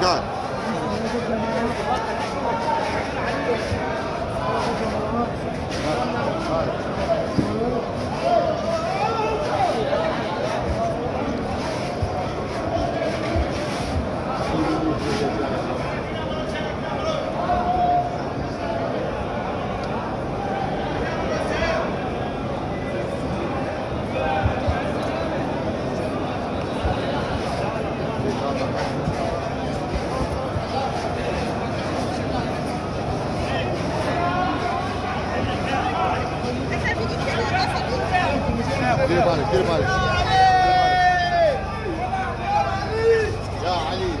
back on. دير بالك دير بالك يا علي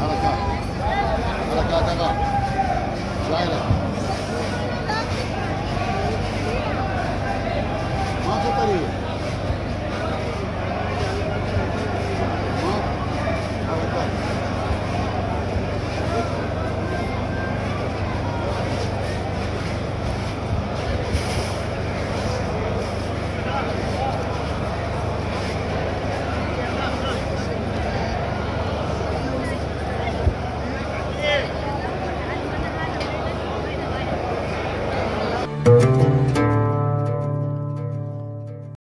حركات حركات اغا شايلك